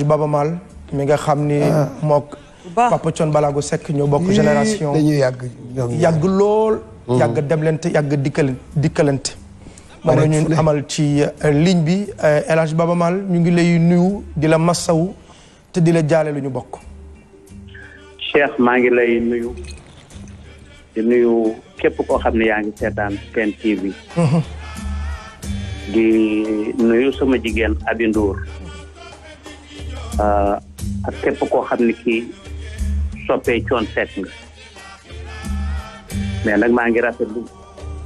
ju Baba Maal mi nga xam ni ah. mook Papa Thione Balago sekk ñu bokk génération dañuy yàgg yàgg lool mm-hmm. yàgg demlante yàgg dikkal dikkalante moom la ñu amal ci euh, ligne bi El euh, Hadj Baba ñu ngi lay nuyu di la massawu te di la jaale lu ñu bokk Cheikh maa ngi lay nuyu di nuyu képp koo xam ne yaa ngi seetaan Sen TV mm-hmm. di nuyu sama jigéen Abi Euh, ak képp koo xam ne kii soppee coon seet nga mais nag maa ngi rafet rafetlu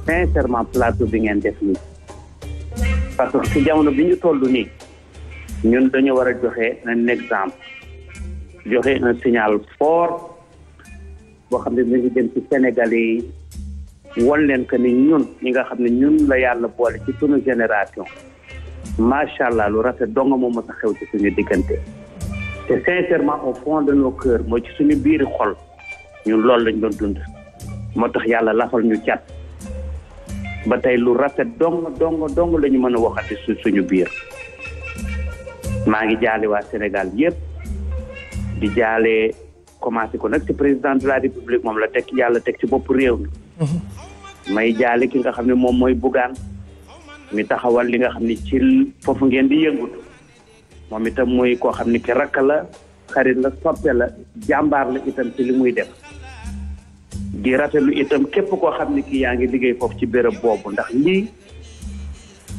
sincèrement plateau bi ngeen def nii parce que ci jamono bi ñu toll nii ñun dañu war a joxe un exemple joxe un signal fort boo xam ne mi ngi dem ci Sénégalais yi won leen que ni ñun ñi nga xam ne ñun la yàlla boole ci sunu génération macha allah lu rafet donga moom ma sa xew ci suñu diggante te sincèrement au fond de nos cœurs mooy ci suñu biiri xol ñun loolu lañ doon dund moo tax yàlla lafal ñu cat ba tey lu rafet dong dong dong la ñu mën a waxati su suñu biir maa ngi jaale waa Sénégal yëpp di jaale commencé ko nag ci président de la république moom la teg yàlla teg ci boppu réew mi mm-hmm. may jaale ki nga xam ne moom mooy bugaan mi taxawal li nga xam ne ci foofu ngeen di yëngutu moom itam mooy koo xam ne ki rakk la xarit la soppe la jàmbaar la itam ci li muy def di rafetlu itam képp koo xam ne ki yaa ngi liggéey foofu ci béréb boobu ndax lii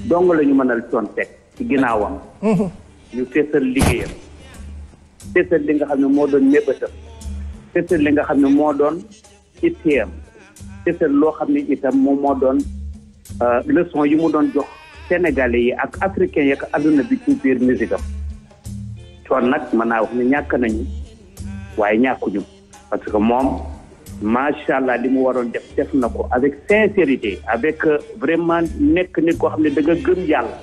dong la ñu mënal coon teg ci ginnaawam mhm. ñu feesal li nga xam ne moo doon mébétam feesal li nga xam ne moo doon ittiyam feesal loo xam ne itam moom moo doon euh, leçon yi mu doon jox sénégalais yi ak africains yi ak adduna bi ci biir am coon nag mën naa wax ne ñàkk nañu waaye ñàkkuñu parce que moom macha allah di mu waroon def def na ko avec sincérité avec euh, vraiment nekk nit koo xam ne da nga gëm yàlla.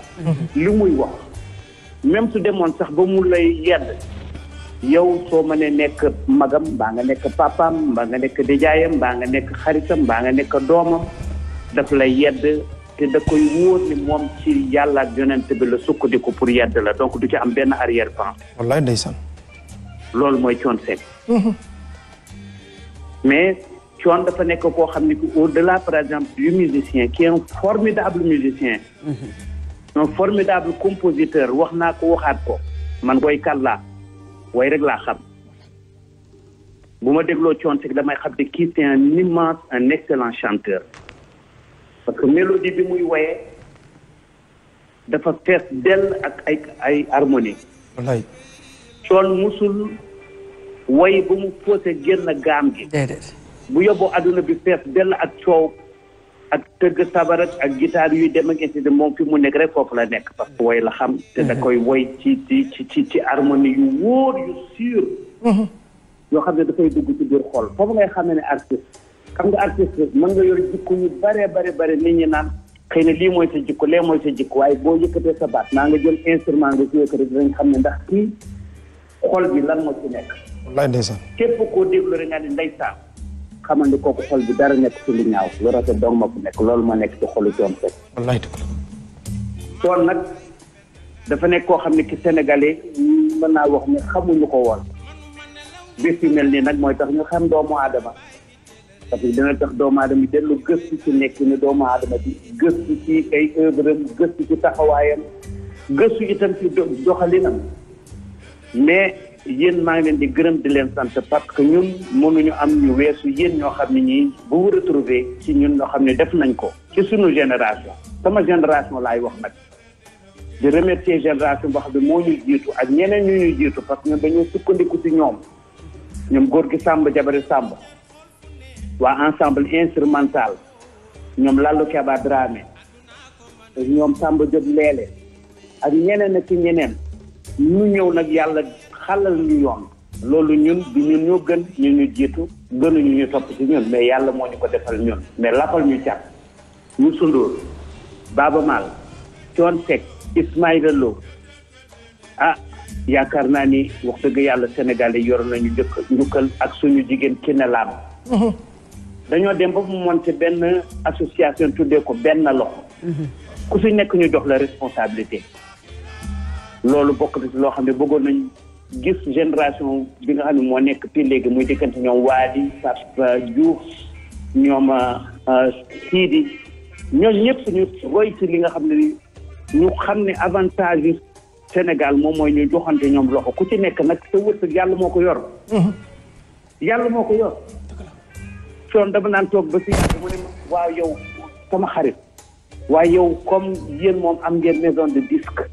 li muy wax même su demoon sax ba mu lay yedd yow soo mënee nekk magam baa nga nekk papaam mbaa nga nekk nijaayam baa nga nekk xaritam baa nga nekk doomam daf lay yedd. da koy wóor ni moom ci yàlla ak yonent bi la sukkandiku pour yedd la donc du ci am benn arrière plan. wallaay ndeysaan. loolu mooy coon mhm. mais coon dafa nekk koo xam ni au delà par exemple du musicien qui est formidable musicien. Mhm. un formidable compositeur wax naa ko waxaat ko. man koy kàllaa way rek laa xam. bu ma dégloo coon seet damay xam ne kii c'est un immense un excellent chanteur. parce que mélodie bi muy woyee dafa fees dell ak ay ay harmonie wallaay coon musul woy ba mu fóose génn gaam gi déedéet bu yóbboo adduna bi fees dell ak coow ak tëgg sabar ak guitare yuy dem ak incité moom fi mu nekk rek foofu la nekk parce que woy la xam te da koy woy ci ci ci ci harmonie yu wóor yu sûr mhm. yoo xam ne dafay dugg ci biir xol foofu ngay xam ne ne artiste xam nga artiste mën nga yor jikko yu bare bare bare nit ñi naan xëy na lii mooy sa jikko lee mooy sa jikko waaye boo yëkkatee sa baat naa nga jël instrument nga ci yëkkati dinañ xam ne ndax kii xol bi lan moo ci nekk. wallaay ndeysaan. képp koo déglu rek nga ne ndeysaan xamal ni kooku xol bi dara nekk ci lu ñaaw lu nekk loolu moo nekk ci xolu Thione Seck. wallaay nag dafa nekk koo xam ne ki sénégalais mën naa wax ne xamuñu ko woon bés yu mel nii nag mooy tax ñu xam doomu aadama. parce que dina tax doomu aadama dellu gëstu ci nekk ne doomu aadama bi gëstu ci ay œuvre am gëstu ci taxawaayam gëstu itam ci doxalinam mais yéen maa ngi leen di gërëm di leen sant parce que ñun mënuñu am ñu weesu yéen ñoo xam ne ñii bu mu retrouvé ci ñun ñoo xam ne def nañ ko ci suñu génération sama génération laay wax nag di remercier génération boo moo ñu jiitu ak ñeneen ñu ñu jiitu parce que ñun dañoo sukkandiku ci ñoom ñoom góor gi sàmb jabari Samba waa ensemble instrumental ñoom Lallu Keba Dramé ñoom Samba Diop Leele ak ñeneen ak ñeneen ñu ñëw nag yàlla xalal ñu yoon loolu ñun bi ñun ñoo gën ñu ñu jiitu gënuñu ñu topp ci ñun mais yàlla moo ñu ko defal ñun mais lappal ñu cat Youssou Ndour Baaba Maal Thione Seck Ismaïla ah yaakaar naa ni wax dëgg yàlla Sénégal yi yor nañu jëkk njukkal ak suñu jigéen Kiné Lam dañoo dem ba mu monté benn association tuddee ko benn loxo. ku si nekk ñu jox la responsabilité. loolu bokk loo xam ne bëggoon nañ gis génération bi nga xam ne moo nekk fii léegi muy diggante ñoom Waly Papa Diouf ñoom euh, euh, Sidi ñooñu ñëpp ñu roy ci li nga xam ne ñu xam ne avantage yi Sénégal moom mooy ñu joxante ñoom loxo ku ci nekk nag sa wërsëg yàlla moo ko yor. Mhm. yàlla moo ko yor. coon dama naan toog ba si yàgg mu ne waaw yow sama xarit waaye yow comme yéen moom am ngeen maison de disque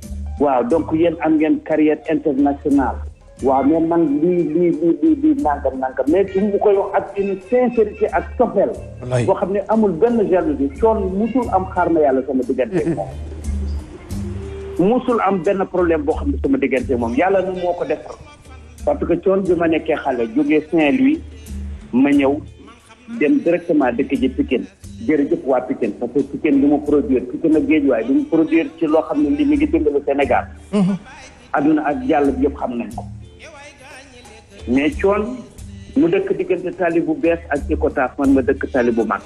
waaw donc yéen am ngeen carrière internationale waaw mais man lii lii lii lii lii nangam nangam mais su mu koy wax ak une sincérité ak sofel boo xam ne amul benn jalousie coon musul am xaar ma yàlla sama diggante moom mm-hmm. musul am benn problème boo xam ne sama diggante moom yàlla nu moo ko defar parce que coon bi ma nekkee xale jógee Saint-Louis ma dem directement dëkk ji Pikine jërëjëf waa Pikine parce que Pikine li mu produire Pikine ak Géejuwaay li mu produire ci loo xam ne li mi ngi dimbalu Sénégal mhm. adduna ak jàll yépp xam nañ ko mais coon mu dëkk diggante tali bu bees ak Icotaf man ma dëkk tali bu mag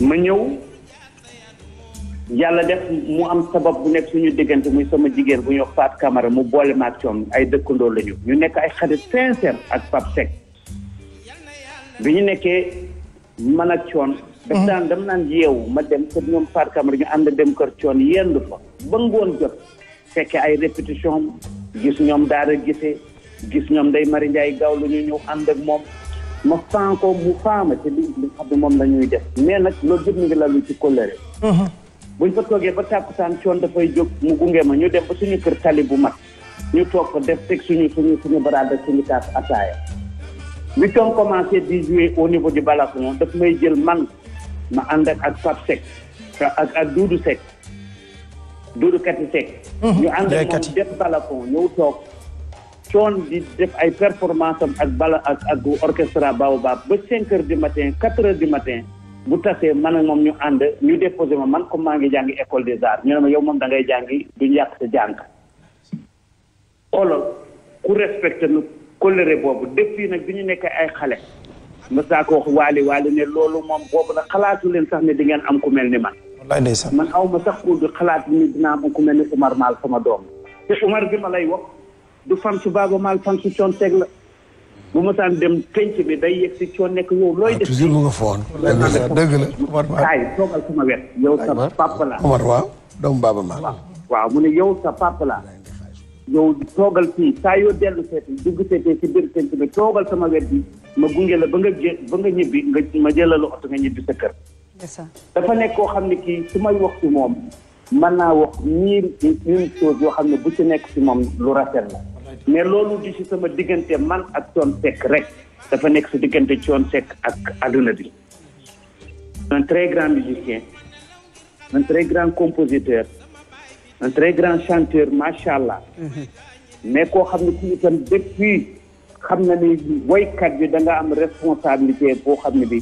ma ñëw yàlla def mu am sabab bu nekk suñu diggante muy sama jigéen bu ñuy wax Faat Camara mu boole maag coon ay dëkkandoo lañu ñu nekk ay xarit sincère ak Pape Seck bi ñu nekkee man ak coon mhm. daf daan dem naan yeewu ma dem kër ñoom parkam la ñu ànd dem kër coon yendu fa ba ngoon jot fekke ay répétition gis ñoom daara gisee gis ñoom day mari njaay gaaw lu ñu ñëw ànd ak moom ma fan ko mu faama te li li xam ne moom la ñuy def mais nag loolu jëp mi la lalu ci kóllëre mhm. buñ fa toogee ba tàkkusaan coon dafay jóg mu gunge ma ñu dem ba suñu kër tali bu mag ñu toog fa def teg suñu suñu suñu baraada suñu kaas ataaya huit ans commencé di jouer au niveau du Balakonon daf may jël man ma ànd ak ak Pape Seck ak ak Doudou Seck Doudou Kati Seck mhm. ñu ànd ak moom def Balakon ñëw toog coon di def ay performance ak bala ak ak orchestra Baobab ba cinq heures du matin quatre heures du matin bu tasee man ak moom ñu ànd ñu déposé ma man comme maa ngi jàngi école des arts ñu ne ma yow moom da ngay jàngi duñu yàq sa jàng olool ku respecté nu kóllëre boobu depuis nag bi ñu nekk ay xale mësaa ko wax waali waali ne loolu moom boobu la xalaatu leen sax ne di ngeen am ku mel ni man wallaay ndeysaan man aw ma sax ku xalaat ni dinaa am ku mel ni Umar Maal sama doom te Umar bi ma lay wax du fan su Baaba Maal fan su Thione Seck la bu ma saan dem penc bi day yegg si Thione nekk yow looy ah, def toujours mu nga foon dëgg la Umar Maal kaay toogal sama wet yow sa papa la Umar waaw doomu Baaba Maal waaw mu ne yow sa papa la yow toogal fii saa yoo dellu seeti dugg seetee si biir penc bi toogal sama wet bi ma gunge la ba nga jé ba nga ñibbi nga ma jëlal la oto nga ñibbi sa kër. dafa nekk koo xam ne kii su may wax si moom man naa wax mille et une chose yoo xam ne bu ci nekk si moom lu rafet la. mais loolu di si sama diggante man ak Thione Seck rek dafa nekk si diggante Thione sekk ak àdduna bi. un très grand musicien un très grand compositeur. un très grand chanteur macha allah. Mhm. mais koo xam ne ku itam depuis xam na ni woykat bi da nga am responsabilité boo xam ne bi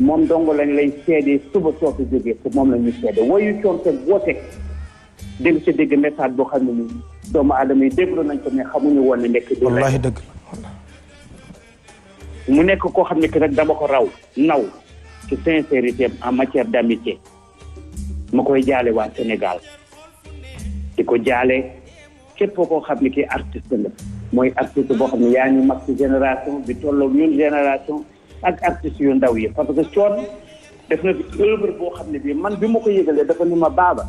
moom dong lañ lay seede suba soo fi jógee te moom la ñuy seede woyu coonte boo teg dégg nga si dégg message boo xam ne ni doomu adama yi déglu nañ ko mais xamuñu woon ne nekk du wallaahi dëgg mu nekk koo xam ne que nag dama ko raw naw ci sincérité en matière d'amitié ma koy jaale waa Sénégal di ko jaale képp koo xam ne ki artiste la mooy artiste boo xam ne yaa ñu mag ci génération bi tolloog ñun génération ak artiste yu ndaw yi parce que coon def na fi œuvre boo xam ne bii man bi ma ko yëgalee dafa ni ma baaba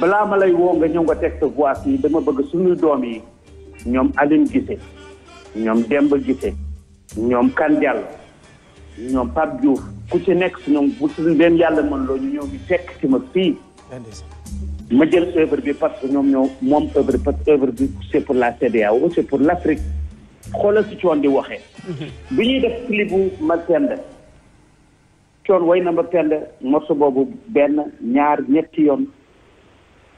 balaa ma lay woo nga ñëw nga teg sa voix yi dama bëgg suñuy doom yi ñoom Aline Guissé ñoom Demba Guissé ñoom Kane Diallo ñoom Pape Diouf ku ci nekk si ñoom bu leen yàlla mën loo ñu ñëw ñu fekk ci ma fii ma jël œuvre bi parce que ñoom ñoo moom œuvre parce que œuvre bi c'est pour la CEDEAO c'est pour l'Afrique xoolal si coon di waxee mhm. bi ñuy def clip ma pend coon way na ma pend morceau boobu benn ñaar ñetti yoon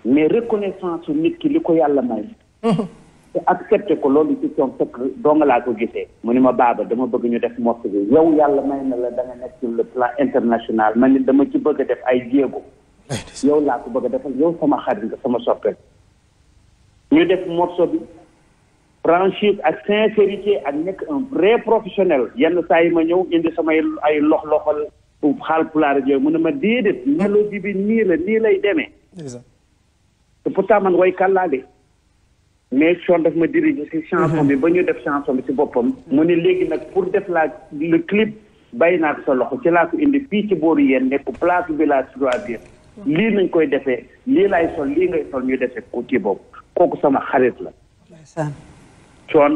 mais reconnaissance su nit ki li ko yàlla may mhm. te accepté ko loolu ci coon fekk doonga laa ko gisee mu ni ma baaba dama bëgg ñu def morceau bi yow yàlla may na la da nga nekk le plan international man nit dama ci bëgg a def ay jéego yow laa ko bëgg a defal yow sama xarit nga sama soppe ñu def morceau bi franchise ak sincérité ak nekk un vrai professionnel yenn saa yi ma ñëw indi samay ay lox loxal xaal pulaar yooyu mun na ma déedéet mélodie bi nii la nii lay demee te pourtant man way kàllaale mais soon daf ma dirige si chanson bi mhm. ba ñu def chanson bi si boppam mu ne léegi nag pour def la le clip bàyyi naa ko sa loxo ci laa ko indi fii ci booru yéen nekk place village droit lii lañ koy defee lii laay sol lii ngay sol ñu defee ku ci boobu kooku sama xarit la coon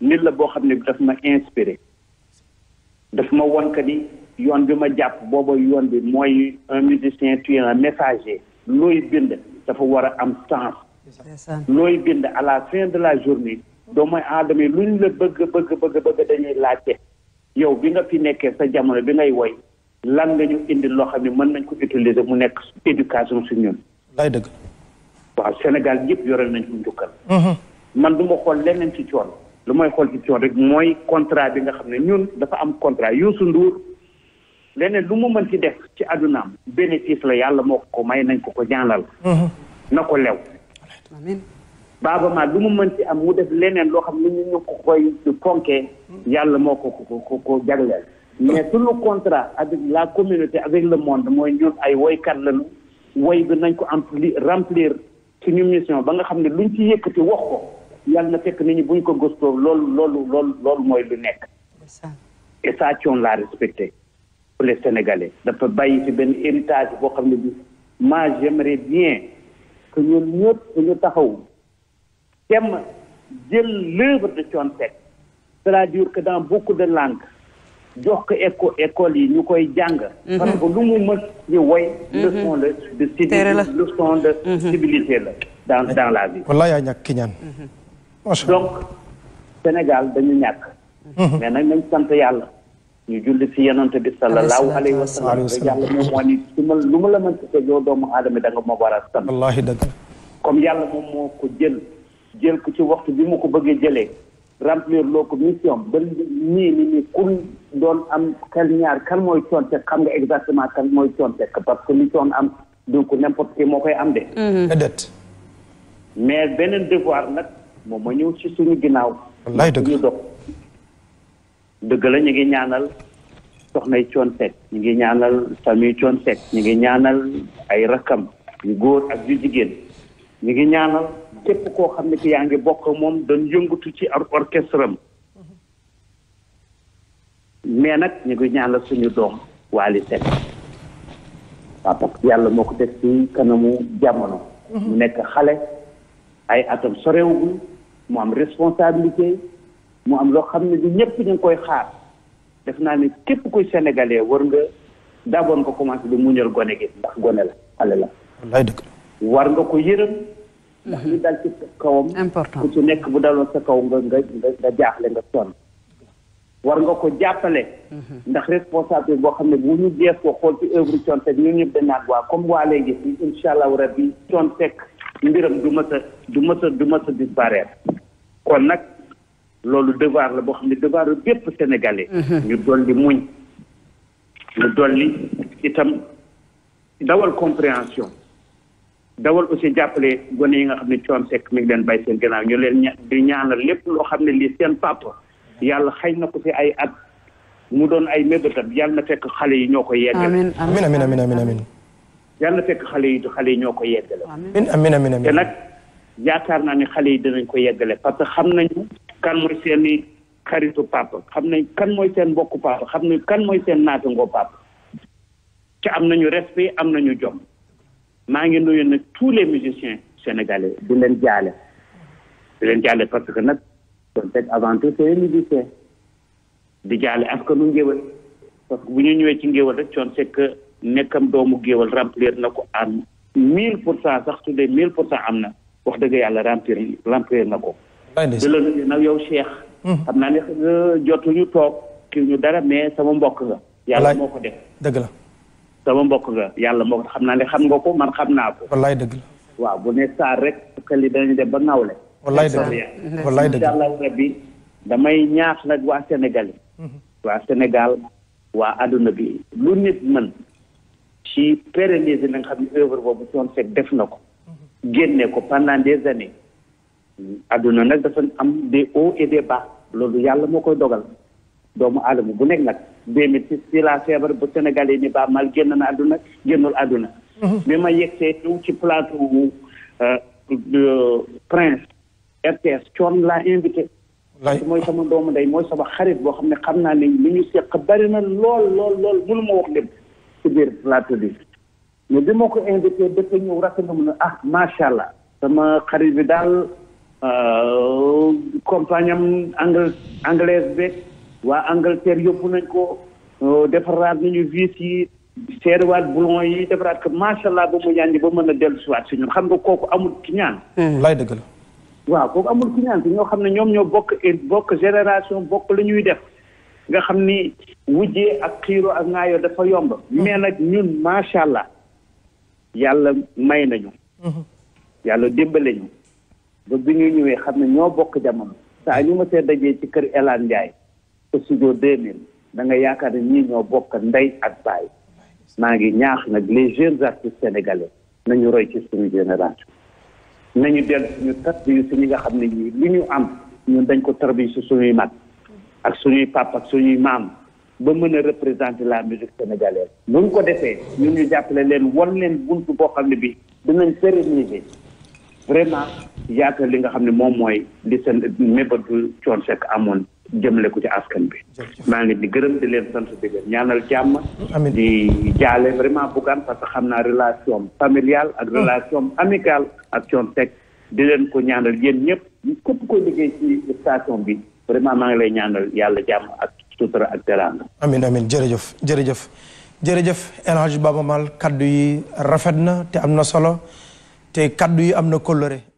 nit la boo xam ne daf ma inspiré daf ma won ka yoon bi ma jàpp booba yoon bi mooy un musicien tu es un messager looy bind dafa war a am sens looy bind à la fin de la journée doo aadama yi lu ñu la bëgg bëgg bëgg dañuy laajte yow bi nga fi nekkee sa jamono bi ngay woy lan nga ñu indi loo xam ne mën nañ ko utiliser mu nekk éducation su ñun. lay dëgg. waaw Sénégal yëpp yore nañ ko njukkal. Mhm. man du xool leneen ci coon. lu may xool ci coon rek mooy contrat bi nga xam ne ñun dafa am contrat Youssou Ndour leneen lu mu mën ci def ci àddunaam bénéfice la yàlla moo ko may nañ ko ko ñaanal. Mhm. na ko lew. amiin Baaba Maal lu mu mën ci am mu def leneen loo xam ne ñu ñu ko koy fonkee mhm. yàlla moo ko ko ko ko jagleel. mais suñu contrat avec la communauté avec le monde mooy ñun ay woykat lañu woy bi nañ ko ampli remplir suñu mission ba nga xam ne luñ ci yëkkati wax ko yàlla na fekk nit ñi buñ ko gëstoo loolu loolu loolu loolu mooy lu nekk et ça on l'a respecté pour les Sénégalais dafa bàyyi ci benn héritage boo xam ne bi ma j'aimerais bien que ñun ñëpp ñu taxaw dem jël l'œuvre de Thione Seck c'est-à-dire que dans beaucoup de langues jox ko école yi ñu koy jàng. Mhm. parce que lu mu mës di woy. Mhm. leçon la de mhm. civilité la. dans dans la vie. wallaahi yaa ñàkk ki ñaan. donc Sénégal dañu ñàkk. mais nag nañ sant yàlla. ñu julli fi yonent bi sallallahu alayhi wa sallam yàlla moom moo ni su ma lu ma la mën te yow doomu aadama da nga ma war sant. wallaahi dëgg comme yàlla moom moo ko jël jël ko ci waxtu bi mu ko bëggee jëlee. remplir loo ko mission ba nii ni ni ku doon am xel ñaar kan mooy Thione Seck xam nga exactement kan mooy Thione Seck parce que li Thione am donc n'importe qui moo koy am de mm-hmm. mais beneen devoir nag moom ma ñëw ci suñu ginnaaw wallaay dëgg dëgg la ñu ngi ñaanal soxnay Thione Seck ñu ngi ñaanal famille Thione ñu ngi ñaanal ay rakkam yu góor ak yu jigéen ñu ngi ñaanal képp koo xam ne ki yaa ngi bokk moom doon yëngatu ci ar orchestre am mais nag ñu ngi ñaan la suñu doom Wally Seck waaw yàlla moo ko teg ci kanamu jamono mhm. mu nekk xale ay atam sorewugul mu am responsabilité mu am loo xam ne bi ñëpp ñu ngi koy xaar def naa ne képp kuy sénégalais war nga daaboon ko commencé di muñal gone gi ndax gone la xale la war nga ko yërëm ndax li dal ci kawam. important ku ci nekk bu daloon sa kaw nga nga nga jaaxle nga sonn. war nga ko jàppale. Mhm. ndax responsable boo xam ne bu ñu jeex ko xool ci œuvre Thione Seck ñun ñëpp naan waa comme waa léegi fii incha allahu rabbi Thione Seck mbiram du mës a du mës du mës a kon nag loolu devoir la boo xam ne devoir la bépp sénégalais. Mhm. ñu dolli muñ. ñu dolli itam dawal compréhension. dawal aussi jàppale gone yi nga xam ne coon sekk mi ngi leen bay seen gannaaw ñu leen di ñaanal lépp loo xam ne lii seen papa yàlla xëy na ko si ay at mu doon ay mébétam yàlla na fekk xale yi ñoo ko yeggale amin amin amin amin amin yàlla na fekk xale yi xale yi ñoo ko yeggale amin amin amin te nag yaakaar naa ne xale yi dinañ ko yeggale parce que xam nañu kan mooy seeni xaritu papa xam nañ kan mooy seen mbokku papa xam nañ kan mooy seen naatangoo papa ci am nañu respect am nañu jom maa ngi nuyu nag tous les musiciens sénégalais di leen jaale di leen jaale parce que nag kon teg di jaale askanu que parce que bu ñu ñëwee ci ngéwél rek coon que nekkam doomu géwél remplir na ko am mille pour cent sax su dee mille pour cent am na wax dëgg yàlla remplir remplir na ko di la nuyu nag yow Cheikh hmm. xam naa euh, jotuñu toog kii ñu dara mais sama mbokk la yàlla moo ko def dëgg la sama mbokk nga yàlla moo ko xam naa ne xam nga ko man xam naa ko. wallaay dëgg waaw bu ne saar rek këli dañu dem ba nawle. wallaay wallaay dëgg la incha damay ñaax nag waa Sénégal yi. Mhm. waa Sénégal waa àdduna bi lu nit mën ci pérenniser na nga xam ne œuvre boobu Thione Seck def na ko. Mhm. génne ko pendant des années. àdduna nag dafa am des hauts et des bas loolu yàlla moo koy dogal. doomu aadama bu nekk nag 2006 ci la feebar ba Sénégal yi ni ba mal génn na àdduna génnul àdduna mhm. bi ma yegsee ñëw ci plateau euh, euh, Prince RTS coon laa invité mooy sama doomu ndey mooy sama xarit boo xam ne xam naa ni li ñu seq bari na lool lool lool mënu ma wax lépp ci biir plateau bi mais bi ma ko invité dafa ñëw rafetlu mu ne ah macha allah sama xarit bi daal euh, compagne am anglaise bi waa Angleterre yóbbu nañ ko euh, defaraat nañu vis yi seerewaat boulon yi defaraat ko macha allah ba mu yànji ba mën a dellu siwaat si ñun xam nga kooku amul ki ñaan. Hmm. lay dëgg la. waaw kooku amul ki ñaan ñoo xam ne ñoom ñoo bokk bokk génération bokk la ñuy def nga xam ni wujjee ak xiiro ak ŋaayoo dafa yomb. Hmm. mais nag ñun macha allah yàlla may nañu. Hmm. yàlla dimbale ñu. ba bi ñu ñëwee xam ne ñoo bokk jamono. saa ñu ma see dajee ci kër Elan Ndiaye. studio 2000 da nga yaakaar ne ñii ñoo bokk ndey ak baay maa ngi ñaax nag les jeunes artistes sénégalais nañu roy ci suñu génération nañu dellu suñu tarbiyu si ñi nga xam ne ñii li ñu am ñun dañ ko tarbiyu si suñuy mag ak suñuy pap ak suñuy maam ba mën a représenter la musique sénégalaise bu ñu ko defee ñun ñu jàppale leen wan leen buntu boo xam ne bi dinañ pérenniser vraiment yaakaar li nga xam ne moom mooy li seen mébatu Thione Seck amoon jëmle ko ci askan bi maa ngi di gërëm di leen santu di ñaanal jàmm di jaale vraiment Bougane parce que xam naa relation familiale ak oh. relation amicale ak Thione Seck di leen ko ñaanal yéen ñëpp képp koy liggéey bi vraiment maa ngi lay ñaanal yàlla jàmm ak sutura ak teraanga amin amin jërëjëf jërëjëf jërëjëf El Hadj Baba Mal kaddu yi rafet na te am na solo te kaddu yi am na coloré